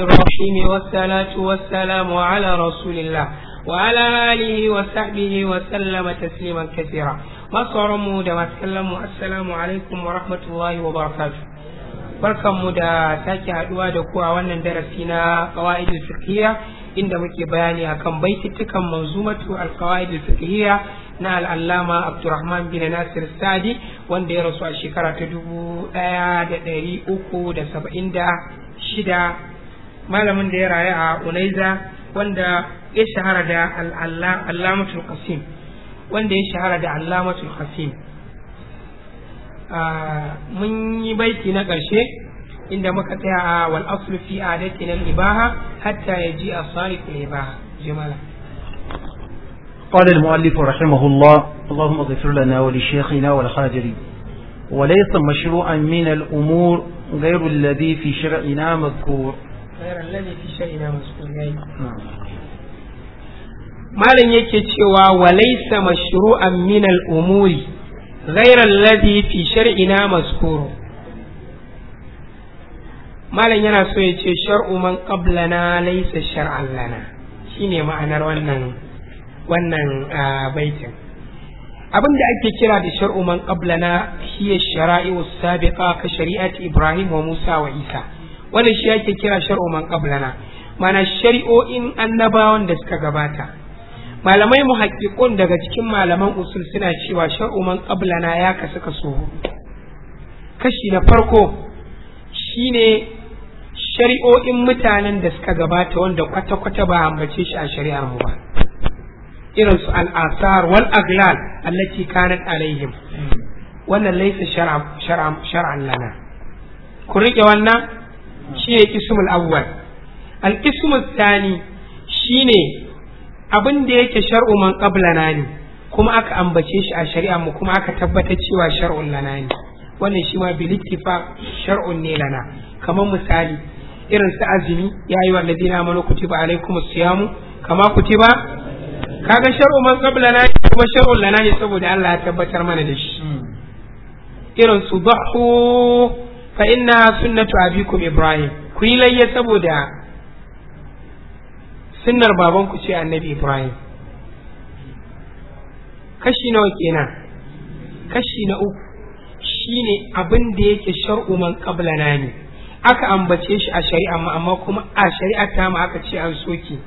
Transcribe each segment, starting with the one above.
الرحيم والصلاة والسلام على رسول الله وعلى آله وصحبه وسلم تسليما كثيرا مصر مودا وسلم السلام عليكم ورحمة الله وبركاته barkan mu da sake haduwa da ku a wannan darasi na qawaidul fiqhiyya inda muke bayani akan baitittukan manzumatu al-qawaidul fiqhiyya na al-allama Abdurrahman bin Nasir Sadi wanda ya rasu a shekara ta dubu ɗaya da ɗari uku da saba'in da shida malamin da ya rayu a unaiza wanda ya shahara da allamatul qasim wanda ya shahara da allamatul qasim mun yi baiti na ƙarshe inda muka tsaya a wal aslu fi adatin al ibaha hatta yaji as-salih al ibaha jimala قال المؤلف رحمه الله اللهم اغفر لنا ولشيخنا والحاضر وليس مشروعا من الأمور غير الذي في شرعنا مذكور غير الذي في شأننا مسؤولين malam yake cewa walaisa mashru'an min al'umuri ghairar ladhi fi shar'ina maskuru malam yana so yace ce shar'u man qablana laisa shar'an lana shine ma'anar wannan wannan baitin abin da ake kira da shar'u man qablana hiya shara'i was sabiqa ka shari'ati ibrahim wa musa wa isa wannan shi ake kira shar'u man qablana mana shari'o'in annabawan da suka gabata malamai mu haƙiƙon daga cikin malaman usul suna cewa shar'u man qablana ya kasu kaso kashi na farko shine shari'o'in mutanen da suka gabata wanda kwata-kwata ba ambace shi a shari'ar mu ba irin su al'asar wal aglal allati kanat alaihim wannan laisa shar'an lana ku rike wannan shine ismul awwal al ismul thani shine abin da yake shar'u man qablana ne kuma aka ambace shi a shari'a mu kuma aka tabbatar cewa shar'un lana ne wannan shi ma bil ittifaq shar'un ne lana kamar misali irin su azumi ya yi wallazi na mana kutiba alaikum siyamu kama kutiba kaga shar'u man qablana ne kuma shar'un lana ne saboda Allah ya tabbatar mana da shi hmm. irin su dhuhu fa inna sunnatu abikum ibrahim ku yi layya saboda sunnar babanku ce annabi ibrahim kashi nawa kenan kashi na uku shine abin da yake shar'u man qabla nani aka ambace shi a shari'a mu amma kuma a shari'a ta mu aka ce an soke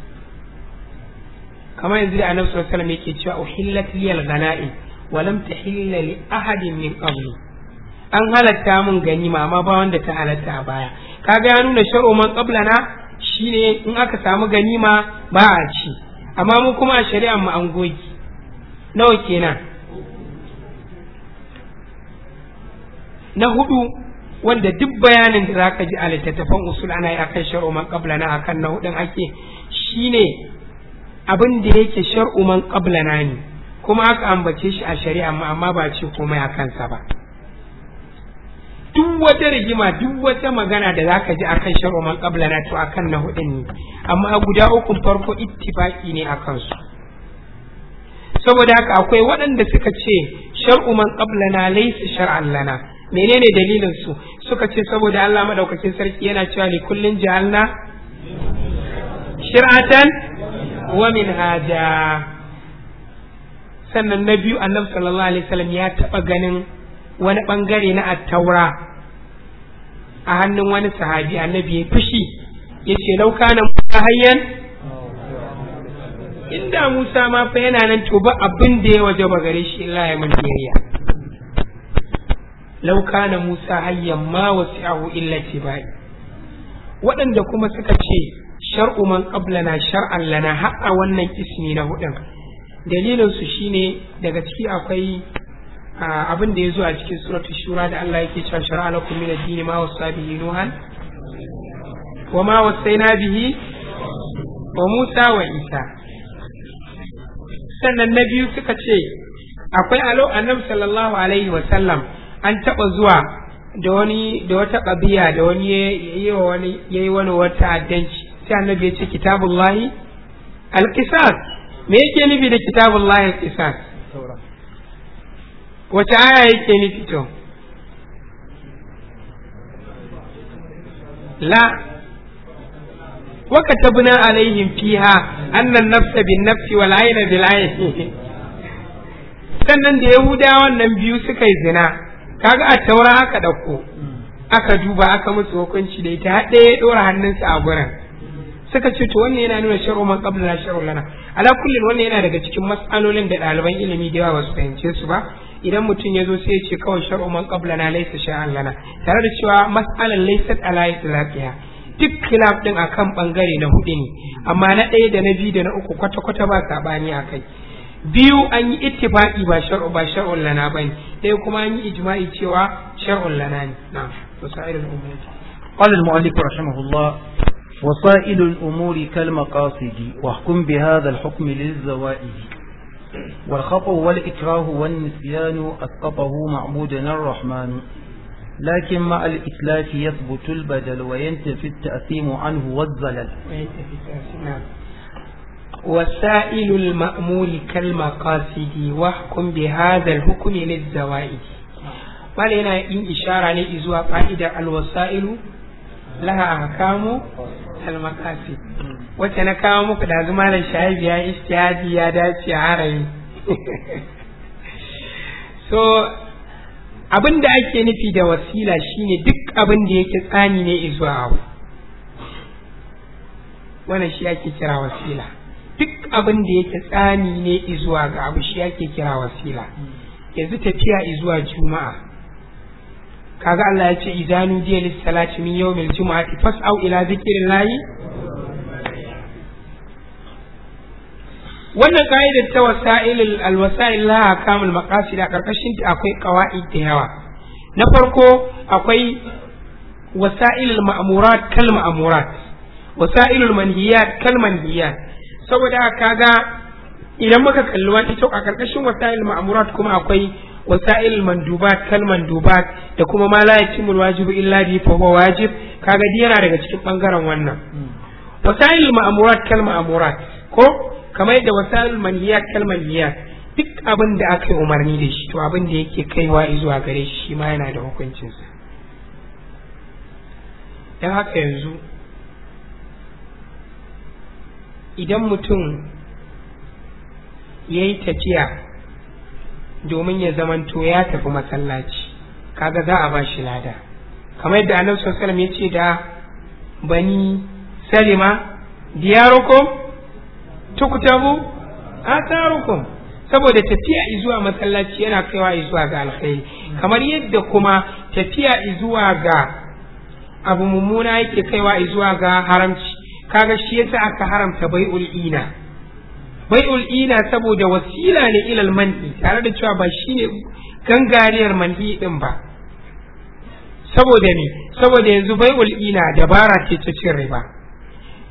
kamar yanzu da annabi sallallahu alaihi wasallam yake cewa uhillat liyal ghana'i wa lam tahilla li ahadin min qabli an halatta mun ganima amma ba wanda ta halatta a baya kaga ya nuna sharo man qablana shine in aka samu ganima ba a ci amma mu kuma a shari'ar mu an goge nawa kenan na hudu wanda duk bayanin da zaka ji a littattafan usul ana yi akan sharo man qablana akan na hudun ake shine abin da yake shar'u man qablana ne kuma aka ambace shi a shari'a amma ba ce komai akan sa ba duk wata rigima duk wata magana da zaka ji akan shar'u man na to akan na hudin ne amma guda uku farko ittifaki ne akan su saboda haka akwai waɗanda suka ce shar'u man na laysa shar'an lana menene dalilin su suka ce saboda Allah madaukakin sarki yana cewa li kullin jahanna shir'atan wa minhaja sannan na biyu annabi sallallahu alaihi wasallam ya taɓa ganin wani ɓangare na attaura a hannun wani sahabi annabi ya fushi ya ce laukana musa hanyar inda musa ma fa yana nan to ba abin da ya waje ba gare shi illa ya mulkiyayya laukana musa hanyar ma wasu ahu illa ce ba waɗanda kuma suka ce shar'u man qablana shar'an lana haɗa wannan ismi na hudun dalilinsu shine daga ciki akwai abin da ya zo a cikin suratul shura da Allah yake cewa shar'a lakum min ad-din ma wasa bihi nuhan wa ma wasaina bihi wa Musa wa Isa sannan na biyu suka ce akwai alo annabi sallallahu alaihi wa sallam an taba zuwa da wani da wata kabiya da wani yayi wani yayi wani wata addanci sai annabi ya ce kitabullahi al-qisas me yake nufi da kitabullahi al-qisas wace aya yake nufi to la وكتبنا عليهم bin أن wal ayna bil ayn sannan da yahuda wannan biyu suka yi zina kaga a taura aka dauko aka duba aka musu hukunci da ita haɗe ya ɗora hannunsa a gurin suka ce to wannan yana nuna sharu man qabla sharu lana ala kullin wannan yana daga cikin mas'alolin da ɗaliban ilimi da yawa ba su fahimce su ba idan mutum ya zo sai ya ce kawai shar'u man na laysa sha'an lana tare da cewa mas'alan laysat ala itlaqiha duk khilaf din akan bangare na hudu ne amma na ɗaya da na biyu da na uku kwata kwata ba sabani akai biyu an yi ittifaqi ba shar'u ba shar'un lana bane ɗaya kuma an yi ijma'i cewa shar'un lana ne na'am wasailul ummat qala al-mu'allif rahimahullah وسائل الأمور كالمقاصد واحكم بهذا الحكم للزوائد والخطأ والإكراه والنسيان أسقطه معبودنا الرحمن لكن مع الإتلاف يثبت البدل وينتفي التأثيم عنه والزلل وسائل المأمول كالمقاصد واحكم بهذا الحكم للزوائد ما لنا إن إشارة لإزواء فائدة الوسائل laha a al-makasi wacce na kawo muku da zuma da shahibi ya ishtihadi ya dace a harayi so abin da ake nufi da wasila shine duk abin da yake tsani ne izuwa abu wannan shi ake kira wasila duk abin da yake tsani ne izuwa ga abu shi ake kira wasila yanzu tafiya izuwa juma'a kaga Allah ya ce idanu diya lissalati min yawmil jumu'ati au ila zikrillahi wannan ka'idar ta wasa'ilil alwasa'il la kamul maqasid a karkashin ta akwai qawaid da yawa na farko akwai wasa'il ma'murat kal ma'murat wasa'ilul manhiyat kal manhiyat saboda kaga idan muka kalli wani to a karkashin wasa'il ma'murat kuma akwai wasa'il mandubat kal mandubat da kuma ma la wajibi wajibu illa bi fa huwa wajib kaga dai yana daga cikin bangaren wannan wasa'il ma'murat kal ma'murat ko kamar yadda wasa'il manhiyat kal manhiyat duk abin da aka yi umarni da shi to abin da yake kaiwa zuwa gare shi shi ma yana da hukuncinsa dan haka yanzu idan mutum yayi yi tafiya domin ya zamanto ya tafi masallaci kaga za a ba shi lada kamar yadda annabi sallallahu alaihi wasallam ya da bani salima diyarukum tukutabu atarukum saboda tafiya zuwa masallaci yana kaiwa zuwa ga alkhairi kamar yadda kuma tafiya zuwa ga abu mummuna yake kaiwa zuwa ga haramci kaga shi yasa aka haramta bai'ul ina bai'ul ila saboda wasila ne ilal man'i tare da cewa ba shi ne gangariyar man'i din ba saboda ne saboda yanzu bai'ul ila dabara ce ta cin riba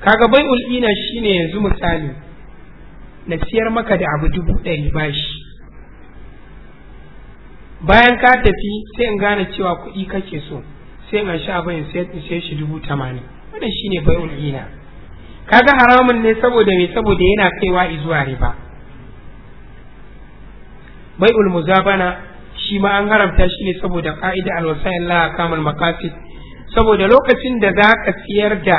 kaga bai'ul ila shine yanzu misali na siyar maka da abu dubu ɗari bashi bayan ka tafi sai in gane cewa kuɗi kake so sai in sha abin sai shi dubu tamanin wannan shine bai'ul ila kaga haramun ne saboda me saboda yana kaiwa zuwa riba bai ulmuzabana shi ma an haramta shi ne saboda ka'ida alwasayin la kamal makasid saboda lokacin da za ka siyar da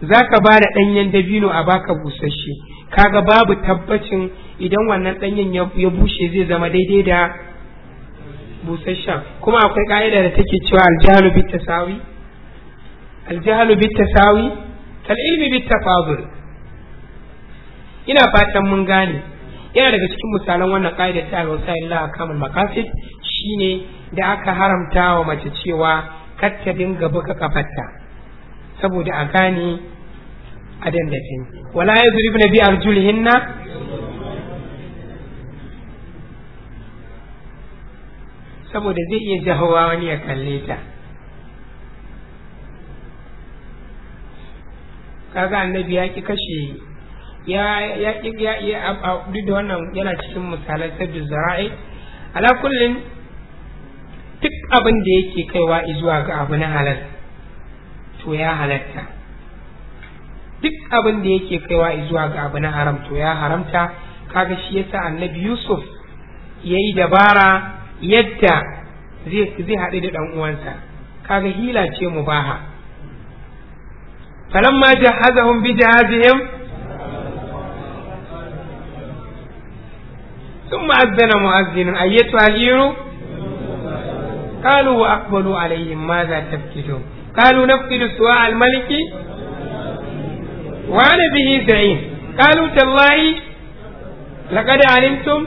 zaka ba da ɗanyen dabino a baka busasshe kaga babu tabbacin idan wannan ɗanyen ya bushe zai zama daidai da busasshen kuma akwai ka'ida da take cewa aljahalu bitta tasawi aljahalu bitta tasawi kal ilmi tafadul ina fatan mun gane yana daga cikin misalan wannan ƙa'idar ta ga wasa illa kamul maqasid shine da aka haramta wa mace cewa kar ta dinga buka kafarta saboda a gane a dandafin wala yadribna bi arjulihinna saboda zai iya jahowa wani ya kalle ta kaga annabi ya ki kashe ya ya ya ya duk da wannan yana cikin misalan sabbi zara'i ala kullin duk abin da yake kaiwa zuwa ga abu na halal to ya halatta duk abin da yake kaiwa zuwa ga abu na haram to ya haramta kaga shi yasa annabi yusuf ya yi dabara yadda zai haɗu da dan uwansa kaga hila ce mubaha فلما جهزهم بجهازهم ثم أذن مؤذن أيتها العير قالوا وأقبلوا عليهم ماذا تفقدون قالوا نفقد سواء الملك وأنا به زعيم قالوا تالله لقد علمتم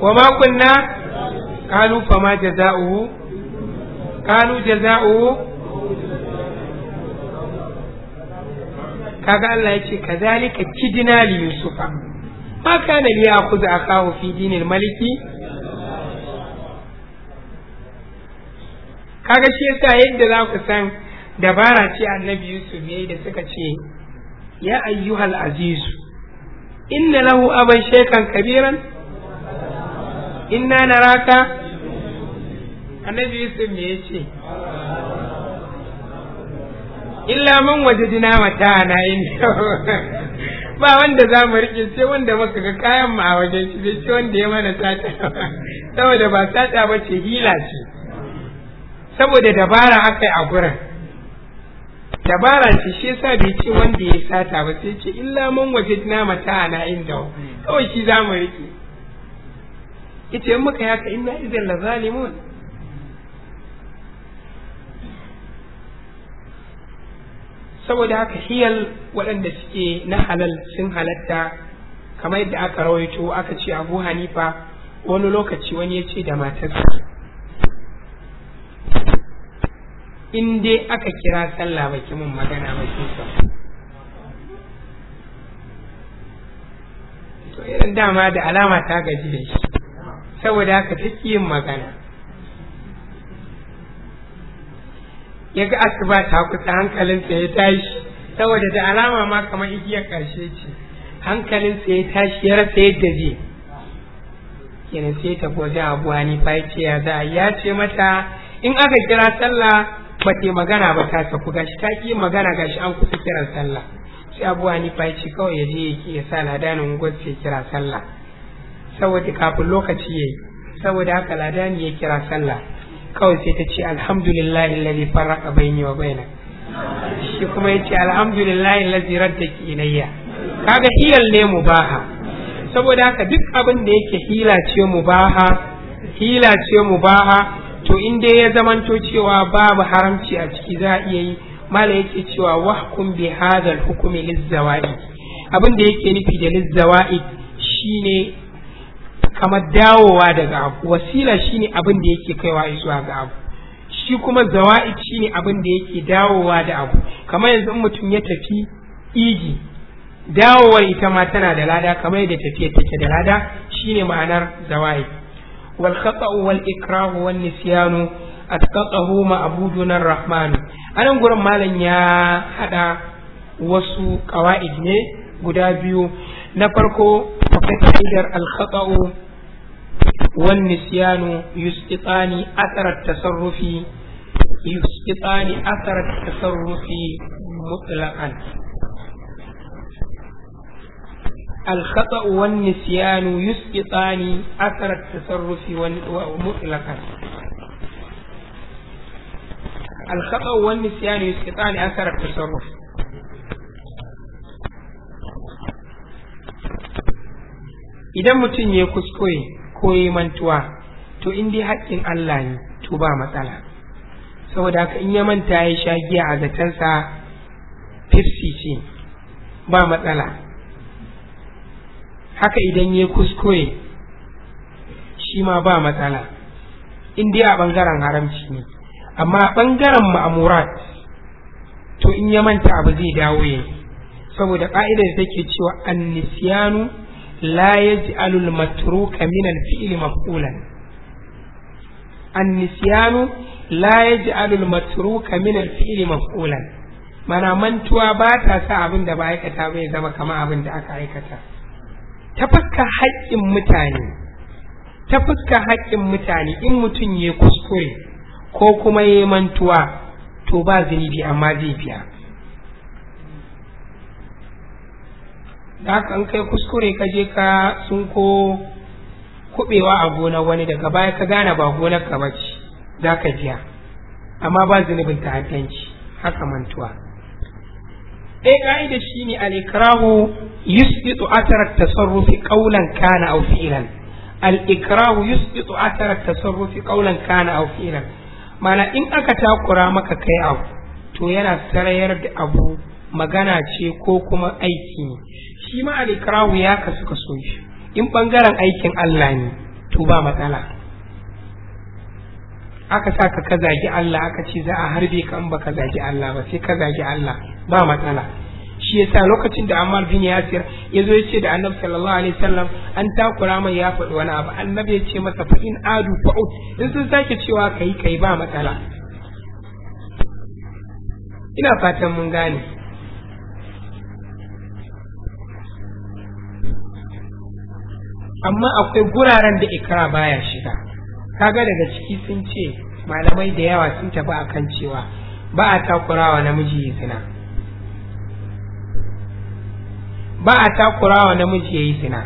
وما كنا قالوا فما جزاؤه قالوا جزاؤه kaga Allah yake kazalika kidina li yusufa ma kana li ya'khudha akahu fi dinil maliki kaga shi yasa yadda za ku san dabara ce annabi yusuf yayi da suka ce ya ayyuhal aziz inna lahu aban shaykan kabiran inna naraka annabi yusuf me yace illa man wajadina mata'ana inda ba wanda za mu rike sai wanda muka ga kayan mu a wajen shi sai shi wanda ya mana sata saboda ba sata ba ce hila ce saboda dabara akai a gurin dabara ce shi yasa bai ce wanda ya sata ba sai ce illa man wajadina mata'ana inda kawai shi za mu rike ita muka yaka inna idan la zalimun saboda haka hiyal waɗanda suke na halal sun halatta kamar yadda aka rawaito aka ce abu hanifa wani lokaci wani ya ce da matarsa in dai aka kira sallah baki mun magana baki to irin dama da alama ta gaji da shi saboda haka ta yin magana ya ga ba ta kusa hankalinsa ya tashi saboda da alama ma kamar igiyar karshe ce hankalinsa ya tashi ya rasa yadda zai kenan sai ta ko za abu hanifa ya ce ya za ya ce mata in aka kira sallah ba ta magana ba ta saku gashi ta ki magana gashi an kusa kiran sallah sai abu hanifa ya ce kawai ya je ya sa ladanin gwamnati kira sallah saboda kafin lokaci ya saboda haka ladani ya kira sallah kawai sai ta ce alhamdulillah fara a bayani wa bayana shi kuma ya yace alhamdulillah alladhi ki inayya kaga hirar ne mu baha saboda haka duk abin da yake hila ce mubaha hila ce baha to in dai ya zamanto cewa babu haramci a ciki za a iya yi mala yake cewa wahkum bi hadal hukumi lizzawa'id abin da yake nufi da lizzawa'id shine kamar dawowa daga abu wasila shine abin da yake kaiwa zuwa ga abu shi kuma zawa'i shine abin da yake dawowa da abu kamar yanzu mutum ya tafi igi dawowar ita ma tana da lada kamar yadda tafiyar take da lada shine ma'anar zawa'id wal khata'u wal ikrahu wan nisyanu atqahu ma'buduna ar anan gurin malam ya hada wasu qawaid ne guda biyu na farko وقد حيدر الخطأ والنسيان يسقطان أثر التصرف يسقطان أثر التصرف مطلقا الخطأ والنسيان يسقطان أثر التصرف مطلقا الخطأ والنسيان يسقطان أثر التصرف idan mutum ya kuskure ko ya mantuwa to in dai haƙƙin Allah ne to ba matsala saboda haka in ya manta ya sha giya a zatansa fifty ce ba matsala haka idan ya kuskure shi ma ba matsala in dai a ɓangaren haramci ne amma a ɓangaren ma'amurat to in ya manta abu zai dawo ya saboda ƙa'idar take cewa annisiyanu la yaj'alu al-matruka min al-fi'li maf'ulan an-nisyanu la yaj'alu al-matruka min al-fi'li maf'ulan mana mantuwa ba ta sa abin da ba aikata bai zama kama abin da aka aikata ta fuska haƙƙin mutane ta fuska haƙƙin mutane in mutum ya kuskure ko kuma ya mantuwa to ba zunubi amma zai biya da haka an kai kuskure ka je ka sun ko kubewa a gona wani daga baya ka gane ba gonar ka bace za ka biya amma ba zunubin ta'addanci haka mantuwa ɗaya eh, ka'ida shi ne al'ikrahu yusbitu asarar tasarrufi ƙaunan kana au fi'lan al'ikrahu yusbitu son tasarrufi ƙaunan kana a fi'lan mana in aka takura maka kai abu to yana sarayar da abu magana ce ko kuma aiki ne shi ma alikrahu ya kasu so shi in bangaren aikin Allah ne to ba matsala aka sa ka zagi Allah aka ce za a harbe ka in ka zagi Allah ba sai ka zagi Allah ba matsala shi ya sa lokacin da Ammar bin Yasir ya zo ya ce da Annabi sallallahu alaihi wasallam an takura mai ya faɗi wani abu Annabi ya ce masa fa in adu fa ut in sun sake cewa kai kai ba matsala ina fatan mun gane amma akwai guraren da ikra baya shiga kaga daga ciki sun ce malamai da yawa sun tafi akan cewa ba a takurawa namiji ya zina ba a takurawa namiji ya yi zina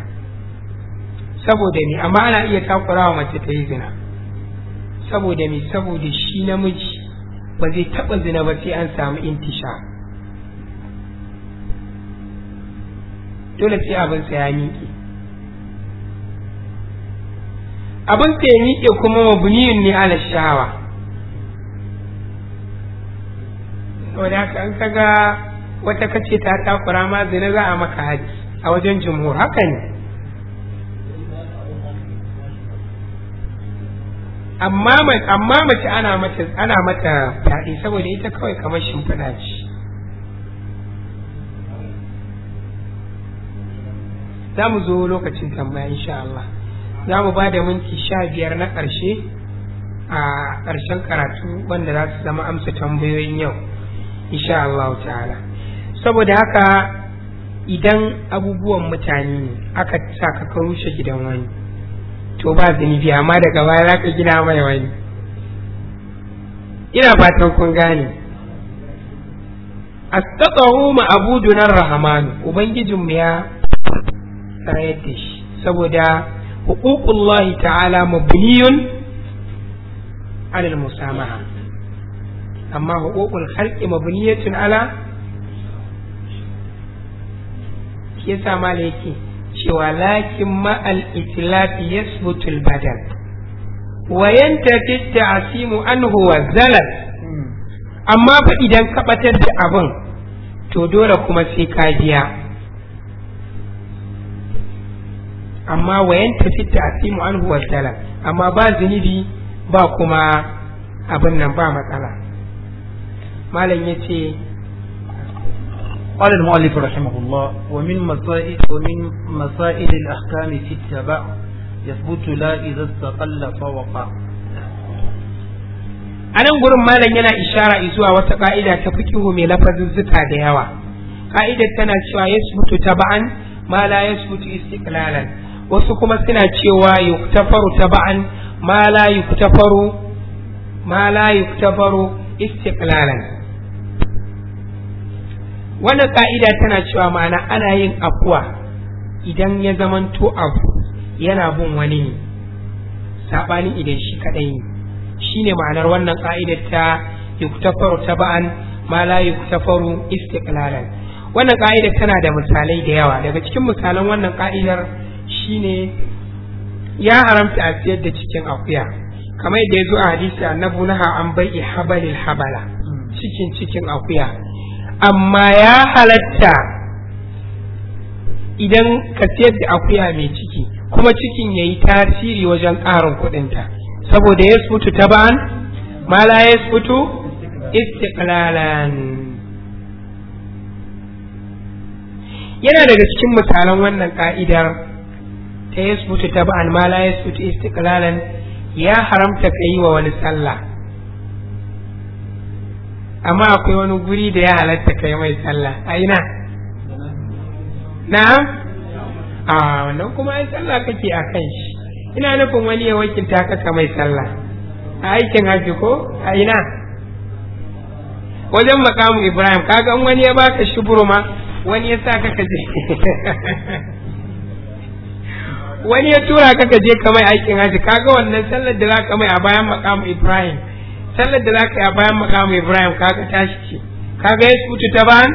saboda ni amma ana iya takurawa mace ta yi zina saboda me saboda shi namiji ba zai taɓa zina ba sai an samu intisha dole sai abin sa ya miƙe abin da yi ke kuma mabniyun ne ala shawa wani haka an kaga wata kace ta takura ma zina za a maka haji a wajen jumhur haka ne amma mace ana mata ana fyaɗe saboda ita kawai kamar shimfiɗa ce za mu zo lokacin tambaya insha Allah za mu ba da minti sha biyar na ƙarshe a ƙarshen karatu wanda za su zama amsa tambayoyin yau insha Allah ta'ala saboda haka idan abubuwan mutane ne aka sa ka ka rushe gidan wani to ba zunubi amma daga baya za ka gina mai wani ina fatan kun gane astaqahu ma abudun rahman ubangijinmu ya tsayar da shi saboda حقوق الله تعالى مبني على المسامحة أما حقوق الخلق مبنية على يسا مالكي ولكن مع الإتلاف يثبت البدل وينتفي التعصيم عنه والزلل amma fa idan ka batar da abin to dole kuma sai ka biya amma wayan tafi ta'simu anhu wa salam amma ba zinibi ba kuma abin nan ba matsala malam yace قال المؤلف رحمه الله ومن مسائل ومن مسائل الأحكام في التبع يثبت لا إذا استقل فوقع a nan gurin malam yana ishara zuwa wata ka'ida ta fikihu mai lafazuzzuka da yawa ka'idar tana cewa yasbutu taba'an ma la yasbutu istiqlalan wasu kuma suna cewa yuktafaru taba'an ma la yuktafaru ma la yuktafaru istiqlalan wannan ka'ida tana cewa ma'ana ana yin afuwa idan ya zamanto abu yana bin wani ne saɓani idan shi kaɗai ne shine ma'anar wannan ka'idar ta yuktafaru taba'an ma la yuktafaru istiqlalan wannan ka'idar tana da misalai da yawa daga cikin misalan wannan ka'idar Shi ne ya haramta a siyar da cikin akuya kamar da ya zo a hadisi annabu naha an bai habalil habala cikin cikin akuya amma ya halatta idan ka siyar da akuya mai ciki kuma cikin ya yi tasiri wajen ƙarin kuɗinta saboda ya sutu ta ba'an mala ya sutu yana daga cikin misalan wannan ka'idar ta yasbutu tab'an ma la yasbutu istiklalan ya haramta ka yi wa wani sallah amma akwai wani guri da ya halatta ka yi mai sallah a ina Na, a wannan kuma ai sallah kake a kan shi ina nufin wani ya wakilta ka mai sallah a aikin haji ko a ina wajen makamu ibrahim kaga wani ya baka shuburu ma wani ya sa ka ka je wani ya tura ka ka je ka mai aikin haji kaga wannan sallar da zaka mai a bayan makamu Ibrahim sallar da zaka yi a bayan makamu Ibrahim kaga tashi ce kaga ya fito ta ban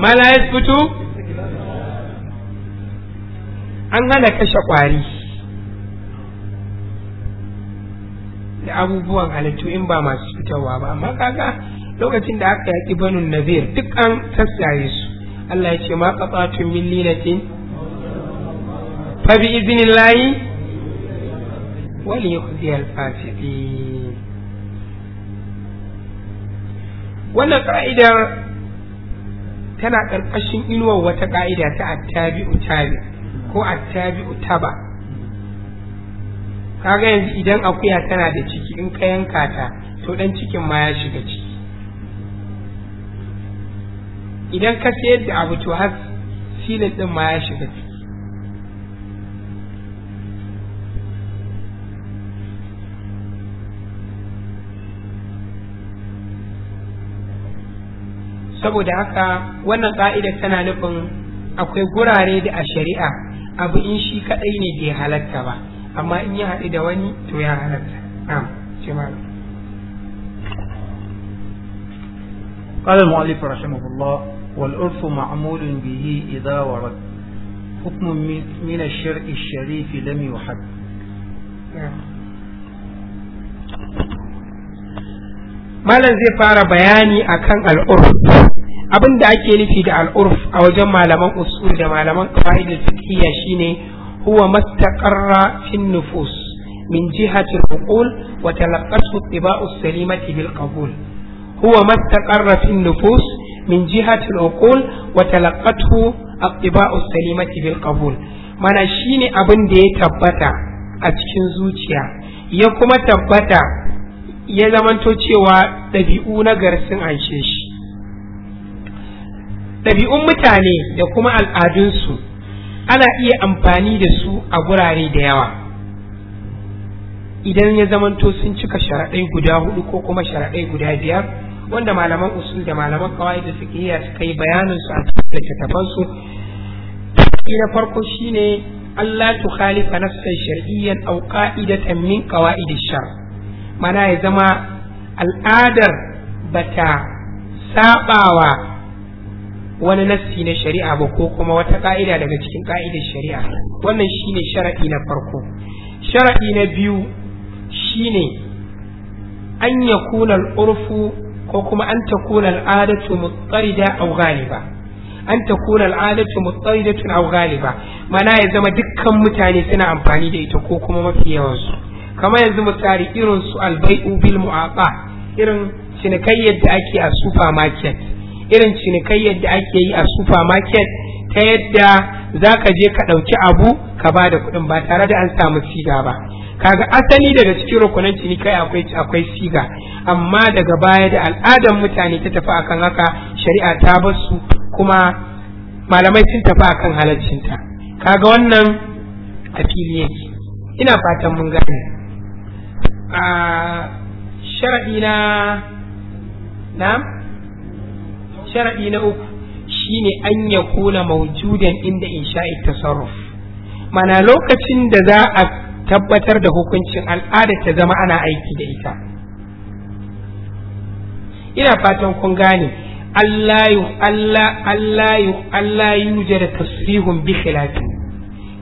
mala ya fito an hana kashe kwari da abubuwan halittu in ba masu fitarwa ba amma kaga lokacin da aka yaki banun nazir duk an sassare su Allah ya ce ma qatatun min linatin fa bi idnillahi wal yukhzi al fasiqin wannan ka'ida tana karkashin inuwar wata ka'ida ta attabi'u tabi ko attabi'u taba kaga yanzu idan akuya tana da ciki in ka yanka ta to dan cikin ma ya shiga ciki idan ka sayar da abu to har silin din ma ya shiga ciki saboda haka wannan ka'ida tana nufin akwai gurare da a shari'a abu in shi kadai ne bai halatta ba amma in ya haɗu da wani to ya halatta na'am ce malam قال المؤلف رحمه الله والعرف معمول به إذا ورد حكم من الشرع الشريف لم يحد نعم. malam zai fara bayani akan al'urf abin da ake nufi da al'urf a wajen malaman usul da malaman qawaid fiqhiyya shine huwa mastaqarra fi nufus min jihati al-uqul wa talaqqatu tibau salimati bil qabul huwa mastaqarra fi nufus min jihati al-uqul wa talaqqatu tibau salimati bil qabul mana shine abin da ya tabbata a cikin zuciya ya kuma tabbata ya zamanto cewa ɗabi'u na sun anshe shi ɗabi'un mutane da kuma al'adunsu ana iya amfani da su a gurare da yawa idan ya zamanto sun cika sharaɗai guda hudu ko kuma sharaɗai guda biyar wanda malaman usul da malaman kawai da suke yi suka yi bayanin su a cikin littattafansu na farko shine Allah tu khalifa nafsan shar'iyyan aw qa'idatan min qawa'id shar mana ya zama al'adar bata saɓawa wani nassi na shari'a ba ko kuma wata ƙa'ida daga cikin ka'idar shari'a wannan shine sharadi na farko sharadi na biyu shine an yakuna al'urfu ko kuma an takuna al'adatu mutarida aw ghaliba an takuna al'adatu mutaridatun aw ghaliba mana ya zama dukkan mutane suna amfani da ita ko kuma mafi yawansu kamar yanzu mu irin su albai'u bil mu'aqa irin cinikayyar da ake a supermarket irin cinikayyar da ake yi a supermarket ta yadda za ka je ka ɗauki abu ka ba da kuɗin ba tare da an samu siga ba kaga asali daga cikin rukunan cinikai akwai akwai siga amma daga baya da al'adar mutane ta tafi akan haka shari'a ta bar su kuma malamai sun tafi akan halaccinta kaga wannan a fili yake ina fatan mun gane a sharaɗi na na sharaɗi na uku shine an ya kuna maujudan inda insha'i tasarruf mana lokacin da za a tabbatar da hukuncin al'ada ta zama ana aiki da ita ina fatan kun gane Allah Allah Allah Allah yujada tasrihun bi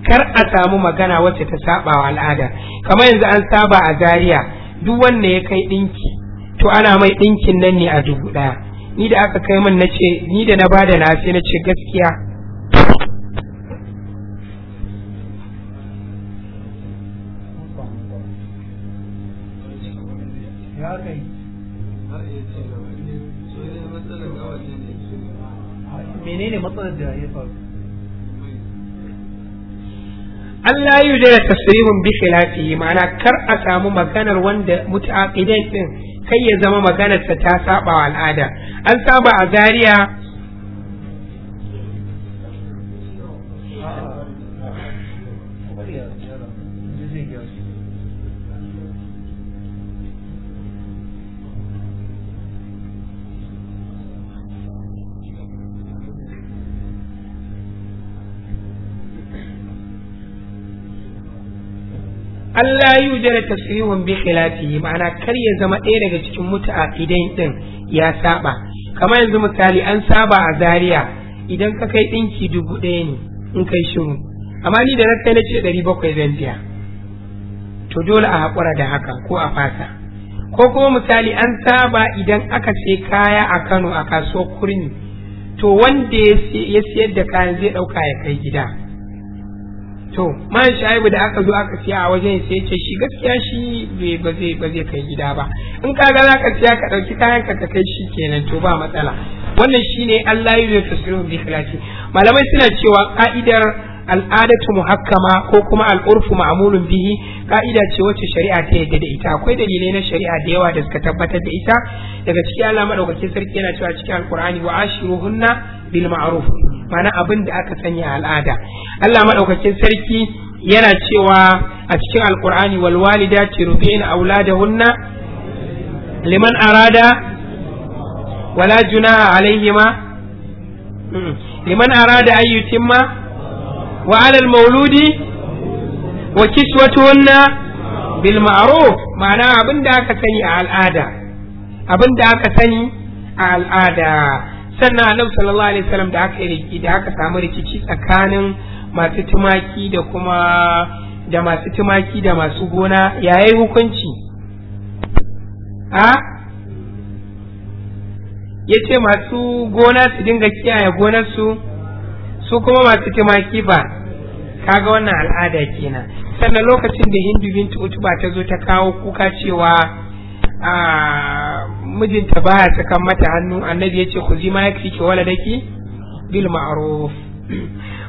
kar a samu magana wacce ta saba wa al'ada kamar yanzu an saba a zaria duk wanda ya kai dinki to ana mai dinkin nan ne a dubu daya ni da aka kai min nace ni da na bada na sai nace gaskiya eh, menene matsalar da ya faru Allah yi da tasrimun bi khilafihi ma'ana kar a samu maganar wanda mutaqidai din kai ya zama maganar ta ta saba al'ada an saba a zariya Allah yi wujere tasirihun bi khilafi ma'ana kar ya zama ɗaya daga cikin mutu'a idan din ya saba kamar yanzu misali an saba a Zariya idan ka kai ɗinki dubu ɗaya ne in kai shiru amma ni da na kai na ce ɗari bakwai zan biya to dole a haƙura da haka ko a fasa ko kuma misali an saba idan aka ce kaya a kano a kasuwar kurmi to wanda ya siyar da kayan zai ɗauka ya kai gida to man shaibu da aka zo aka siya a wajen sai ce shi gaskiya shi ba zai ba zai kai gida ba in ka ga zaka siya ka dauki kayan ka ka kai shi kenan to ba matsala wannan shine Allah ya tasiru bi malamai suna cewa ka'idar al'adatu muhakkama ko kuma al'urfu ma'mulun bihi ka'ida ce wacce shari'a ta yadda da ita akwai dalilai na shari'a da yawa da suka tabbatar da ita daga cikin Allah madaukakin sarki yana cewa cikin alqur'ani wa ashiruhunna bil ma'ruf amfani abin da aka sanya al'ada Allah madaukakin sarki yana cewa a cikin alqur'ani wal walidati rubin auladahunna liman arada wala junaha alaihima liman arada an ma wa alal mauludi wa kiswatuhunna bil ma'ruf ma'ana abin da aka sani a al'ada abin da aka sani a al'ada sannan annabi sallallahu alaihi wasallam da aka yi da aka samu rikici tsakanin masu tumaki da kuma da masu tumaki da masu gona yayi hukunci a ya ce masu gona su dinga kiyaye gonarsu su kuma masu tumaki ba kaga wannan al'ada kenan sannan lokacin da hindu bintu utuba ta zo ta kawo kuka cewa a mijinta baya sakan mata hannu annabi ya ce ku zima ya ki waladaki bil ma'ruf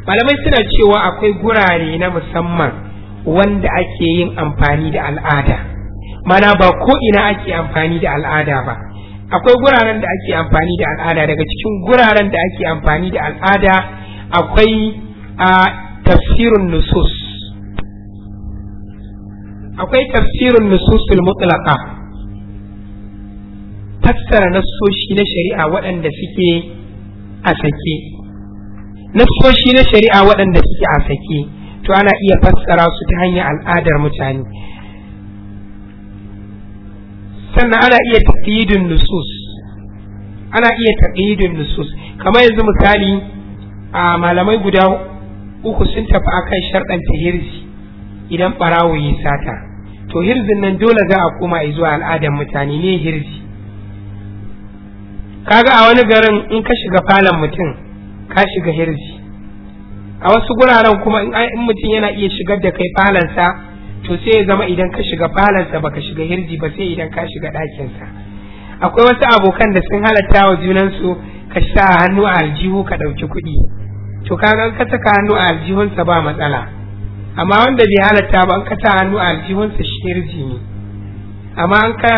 malamai suna cewa akwai gurare na musamman wanda ake yin amfani da al'ada mana ba ko ina ake amfani da al'ada ba akwai guraren da ake amfani da al'ada daga cikin guraren da ake amfani da al'ada akwai a tafsirin nusus akwai tafsirin nususul mutlaqa fassara nasoshi na shari'a waɗanda suke a sake nassoshi na shari'a waɗanda suke a sake to ana iya fassara su ta hanyar al'adar mutane sannan ana iya taqidin nusus ana iya taqidin nusus kamar yanzu misali a malamai guda uku sun tafi akan sharɗanta hirji idan ɓarawo ya sata to hirzin nan dole za a koma zuwa al'adar mutane ne hirji kaga a wani garin in ka shiga falon mutum ka shiga hirji a wasu guraren kuma in mutum yana iya shigar da kai falonsa to sai ya zama idan ka shiga falonsa baka shiga hirji ba sai idan ka shiga ɗakinsa akwai wasu abokan da sun halatta wa junansu ka sa hannu a aljihu ka ɗauki kuɗi to kaga ka saka hannu a aljihunsa ba matsala amma wanda bai halatta ba in ka sa hannu a aljihunsa shi hirji ne amma an ka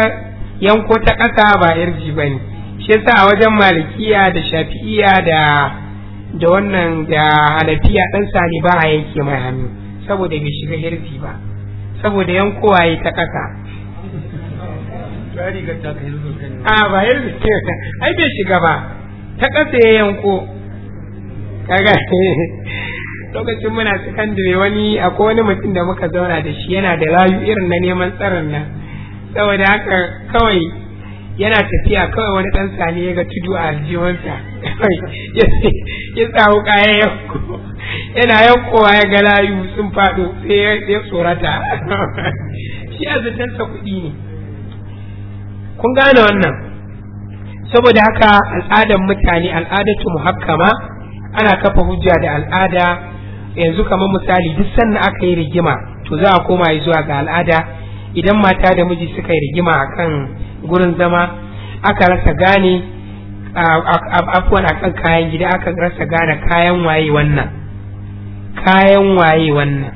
yanko ta ƙasa ba hirji ba ne shi yasa a wajen malikiya da shafi'iya da da wannan da hanafiya dan sani ba a yanke mai hannu saboda bai shiga hirfi ba saboda yankowa yi ta kasa a ba hirfi ai bai shiga ba ta kasa ya yanko kaga lokacin muna sakandare wani akwai wani mutum da muka zauna da shi yana da layu irin na neman tsaron nan saboda haka kawai yana tafiya kawai wani dan sani ya ga tudu a aljihunsa ya samu kayan yanko yana yankowa ya ga layu sun faɗo sai ya tsorata shi a kuɗi ne kun gane wannan saboda haka al'adar mutane al'adatu muhakkama ana kafa hujja da al'ada yanzu kamar misali duk sannan aka yi rigima to za a koma zuwa ga al'ada idan mata da miji suka yi rigima akan gurin zama aka rasa gane afuwan akan kayan gida aka rasa gane kayan waye wannan kayan waye wannan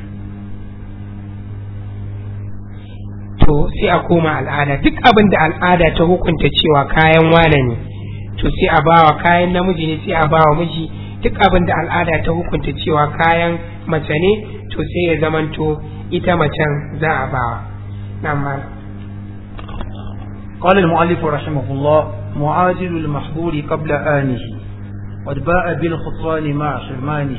to sai a koma al'ada duk abin da al'ada ta hukunta cewa kayan wane ne to sai a bawa kayan namiji ne sai a bawa miji duk abin da al'ada ta hukunta cewa kayan mace ne to sai ya zamanto ita macen za a bawa nan قال المؤلف رحمه الله معادل المحبول قبل آنه قد باء بالخسران مع حرمانه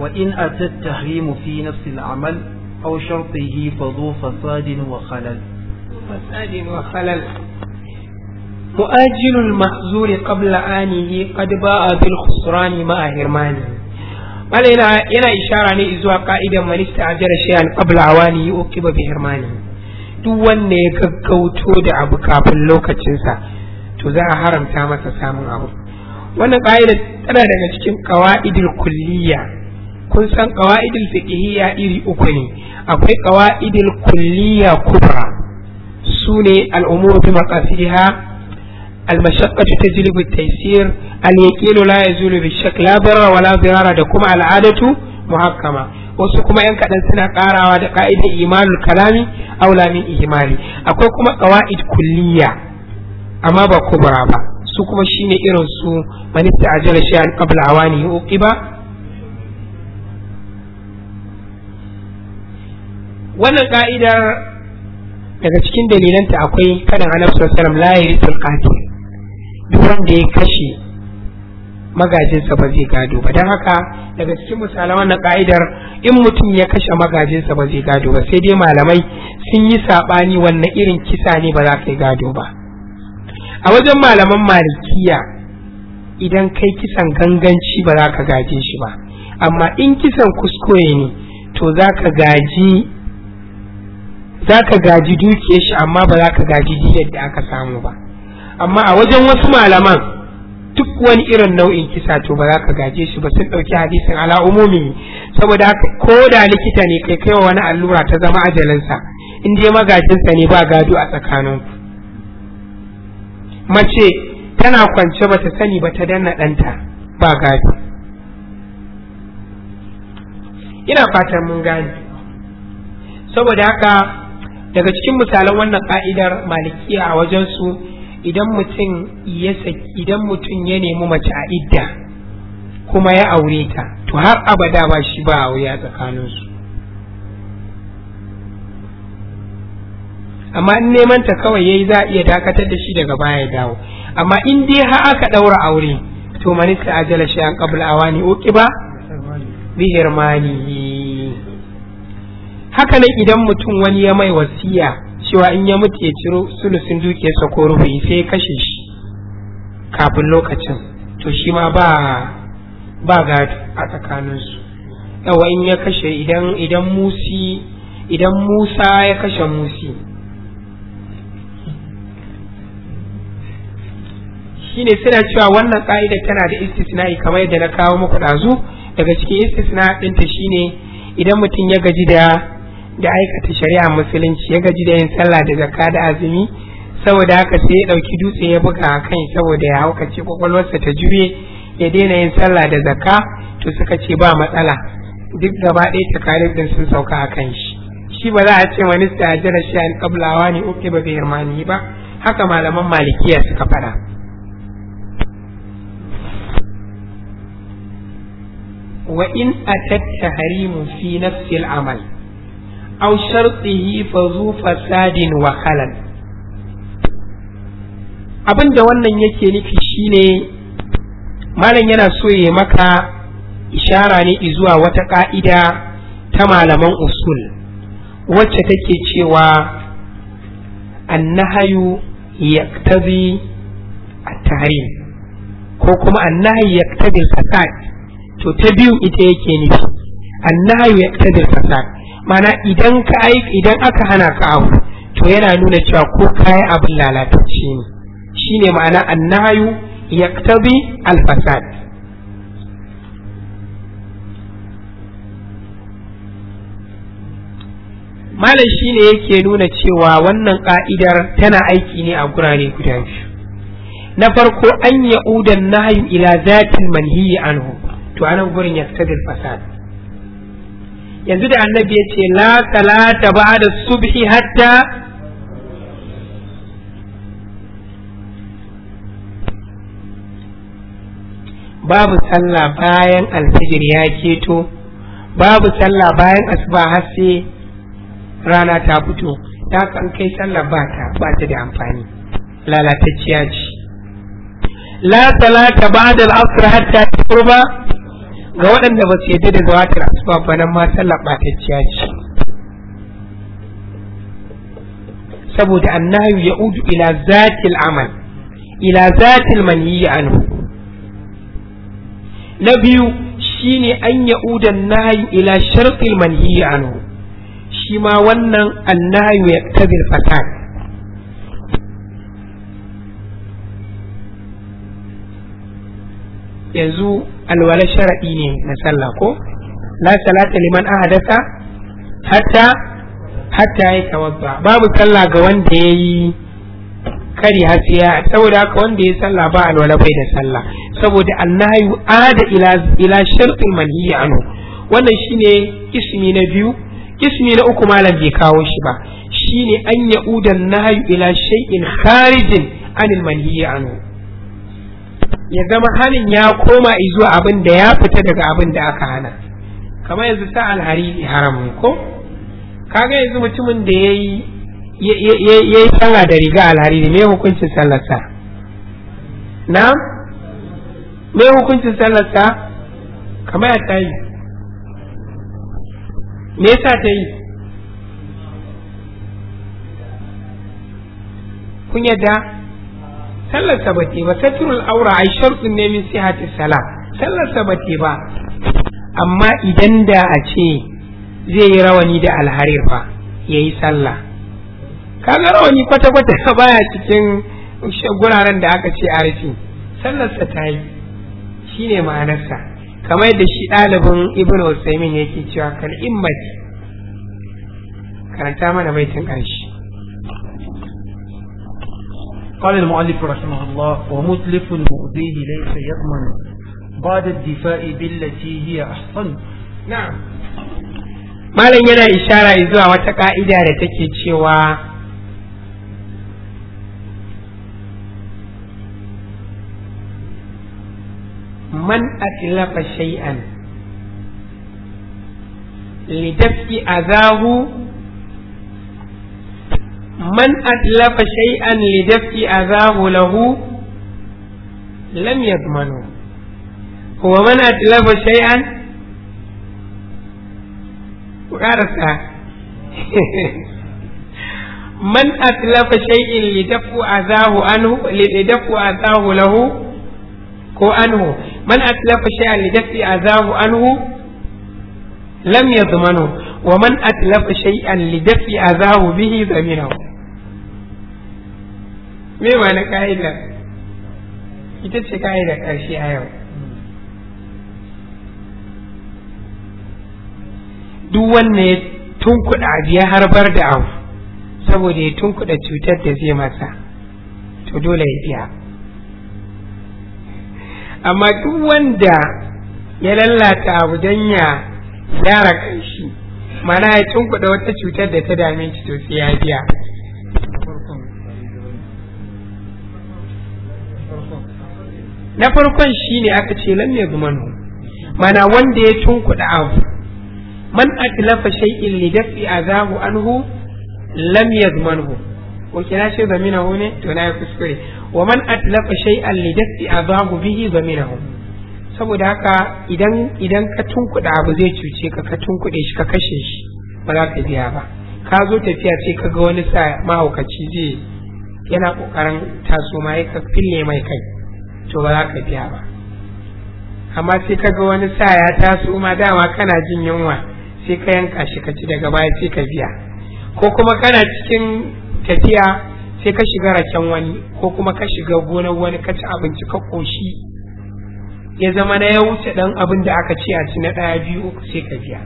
وإن أتى التحريم في نفس العمل أو شرطه فذو فساد وخلل فساد وخلل مؤجل المحظور قبل آنه قد باء بالخسران مع هرمانه قال إلى إشارة إذ قائدا من استعجل شيئا قبل عوانه أوكب بهرمانه duk wanda ya gaggauto da abu kafin lokacinsa to za a haramta masa samun abu wannan ƙa'ida tana daga cikin ƙawa'idul kulliya kun san ƙawa'idul fiqhiyya iri uku ne akwai ƙawa'idul kulliya kubra sune al'umuru bi maqasidiha المشقة la yazulu bi shakl la barra لا ضرر da kuma al-adatu muhakkama wasu kuma yan kaɗan suna ƙarawa da ka'idar imanul kalami aula min ihmali akwai kuma qawaid kulliya amma ba kubra ba su kuma shine irin su manista ajala shay'an qabla awani uqiba wannan ka'idar daga cikin dalilanta akwai kadan annabi sallallahu alaihi wasallam la yarisul qatil duk wanda ya kashe magajinsa ba zai gado ba don haka daga cikin misalan wannan ka'idar in mutum ya kashe magajinsa ba zai gado ba sai dai malamai sun yi saɓani wannan irin kisa ne ba za ka yi gado ba a wajen malaman malikiya idan kai kisan ganganci ba za ka gaje shi ba amma in kisan kuskure ne to za ka gaji dukiyar shi amma ba za ka gaji diyar da aka samu ba amma a wajen wasu malaman duk wani irin nau'in kisa to ba za ka gaje shi ba sun ɗauki hadisin ala umumi saboda ko da likita ne kai kaiwa wani allura ta zama ajalinsa in je magajinsa ne ba gado a tsakanin mace tana kwance ba ta sani ba ta danna ɗanta ba gado ina fatan mun gane saboda haka daga cikin misalan wannan ka'idar malikiya a wajensu idan mutum ya idan mutum ya nemi mace a idda kuma ya aure ta to har abada ba shi ba aure a tsakaninsu amma in neman ta kawai yayi za a iya dakatar da shi daga baya dawo amma in dai har aka daura aure to manista ajala shi an qabla awani uqiba bi hirmanihi haka ne idan mutum wani ya mai wasiya cewa in ya mutu ya ciro sulusin dukiyarsa ko rubuyi sai ya kashe shi kafin lokacin to shi ma ba ba a tsakaninsu yawa in ya kashe idan musa ya kashe musi ne suna cewa wannan ka'ida tana da istisna'i kamar yadda na kawo muku ɗazu daga cikin istisna ɗinta shine idan mutum ya gaji da da aikata shari'a musulunci ya gaji da yin sallah da zakka da azumi saboda haka sai ya ɗauki dutse ya buga a kan saboda ya haukace kwakwalwarsa ta juye ya daina yin sallah da zakka to suka ce ba matsala duk gaba ɗaya takarif din sun sauka a kan shi shi ba za a ce wani stajira shi an kablawa ne uke ba bai ba haka malaman malikiya suka faɗa. وإن atatta harimu fi nafsil amal aw shartihi fa zu fasadin wa abin da wannan yake nufi shine malam yana so ya maka ishara ne zuwa wata ka'ida ta malaman usul wacce take cewa annahayu yaktabi at-tahrim ko kuma annahayu yaktabi al-fasad to ta biyu ita yake nufi annahayu yaktabi al-fasad mana idan ka idan aka hana ka abu to yana nuna cewa ko kai abin lalatacce ne shine ma'ana annahayu yaktabi alfasad. malam shine yake nuna cewa wannan ka'idar tana aiki ne a gurare guda biyu na farko an ya'udan nahayu ila zatin manhiyi anhu to anan gurin yaktabi alfasad fasad yanzu da annabi ya ce la salata da subhi hatta babu sallah bayan alfijir ya keto babu sallah bayan asuba har sai rana ta fito ta kan kai sallah ba ta ba ta da amfani lalatacciya ce la salata da al-asr hatta turba ga waɗanda ba su yadda da zawatar asuba ba nan ma sallah ɓatacciya ce saboda annahu ya udu ila zatil amal ila zatil man yi anhu na biyu shi ne an ya uda nahi ila sharqil manhiyi anhu shi ma wannan annahu ya tabil fasad yanzu alwala sharaɗi ne na sallah ko la salata liman ahadasa hatta hatta ya tawabba babu sallah ga wanda ya yi kari hasiya saboda haka wanda ya sallah ba alwala bai da sallah saboda annahu ada ila ila shartil manhiya anhu wannan shine ismi na biyu ismi na uku malam bai kawo shi ba shine an ya'udan nahyu ila shay'in kharijin anil manhiya anhu ya zama hanin ya koma izuwa abin da ya fita daga abin da aka hana kamar yanzu ta alhari haram ko kaga yanzu mutumin da ya yi ya yi sallah da riga alhari ne hukuncin sallarsa na me hukuncin sallarsa kamar ya ta yi me yasa ta yi kun yadda sallar ta bace ba satrul aura ai shartun ne min sihati sala sallar ta bace ba amma idan da a ce zai yi rawani da alharir fa yayi sallah kaga rawani kwata kwata baya cikin guraren da aka ce a sallar sa ta yi shine ma'anarsa kamar da shi ɗalibin ibnu usaimin yake cewa kal karanta mana baitin ƙarshe قال المؤلف رحمه الله ومتلف مؤذيه ليس يضمن بعد الدفاع بالتي هي أحسن نعم malam yana ishara zuwa wata ƙa'ida da take cewa man atlafa shay'an lidafki azahu man atlafa shay'an li daf'i azahu lahu lam yadmanu wa man atlafa shay'an qarasa man atlafa shay'in li daf'u azahu li daf'u azahu lahu ko anhu man atlafa shay'an li anhu لم يضمنه ومن أتلف شيئا لدفع أذاه به ضمنه me ba na ka'idar ita ce ka'idar ƙarshe a yau duk wanda ya tunkuɗa biya ya harbar da abu saboda ya tunkuɗa cutar da zai masa to dole ya biya amma duk wanda ya lalata abu don ya gyara ƙarshe mana ya tunkuɗa wata cutar da ta dame shi to sai ya biya na farkon shi ne aka ce zuman hu mana wanda ya tunkuɗa abu man atlafa shay'in li dafi azahu anhu lam yazmanhu ko kina zamina hu ne to na kuskure wa man atlafa shay'an li dafi azahu bihi hu saboda haka idan idan ka tunkuɗa abu zai cuce ka ka tunkuɗe shi ka kashe shi ba za ka biya ba ka zo tafiya ce ka ga wani sa mahaukaci zai yana kokarin taso ma ya ka fille mai kai to ba za ka biya ba amma sai ka ga wani sa ya taso ma dama kana jin yunwa sai ka yanka shi ka ci daga baya sai ka biya ko kuma kana cikin tafiya sai ka shiga raken wani ko kuma ka shiga gonar wani ka ci abinci ka koshi ya zama na ya wuce dan abin da aka ce a ci na ɗaya biyu uku sai ka biya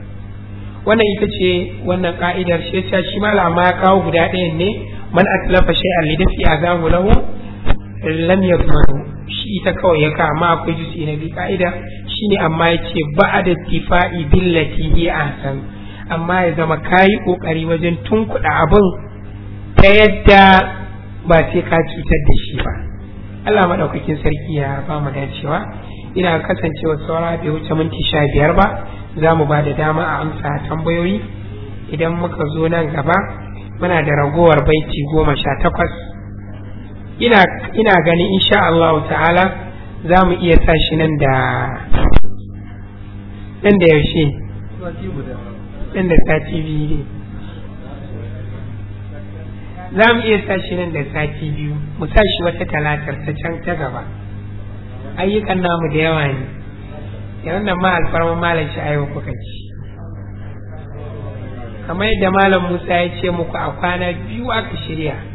wannan ita ce wannan ka'idar shi ya shi malama ya kawo guda ɗayan ne man atlafa shay'an lidafi azahu lahu lam yadmanu shi ita kawai ya kama akwai jusi na bi ka'ida ne amma ya ce ba da tifa'i billati hi ahsan amma ya zama kayi kokari wajen tunkuɗa abin ta yadda ba sai ka cutar da shi ba Allah madaukakin sarki ya ba mu dacewa ina kasancewa saura bai wuce minti sha biyar ba za mu ba da dama a amsa tambayoyi idan muka zo nan gaba muna da ragowar baiti goma sha takwas ina ganin, gani insha Allah ta'ala za mu iya sa shi nan da nan da yaushe nan da sati biyu za mu iya sa shi nan da sati biyu mu tashi wata talatar ta can ta gaba ayyukan namu da yawa ne da wannan ma alfarma malam shi kuka ci kamar yadda malam musa ya ce muku a kwana biyu aka shirya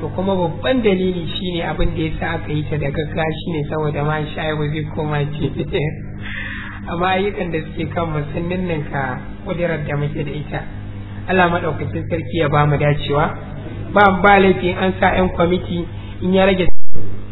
to kuma babban dalili shine abin da ya sa aka yi ta da gaggawa shine saboda ma shayi ba zai koma ce amma ayyukan da suke kan musannin nan ka kudirar da muke da ita Allah madaukakin sarki ya ba mu dacewa ba ba laifi an sa 'yan kwamiti in ya rage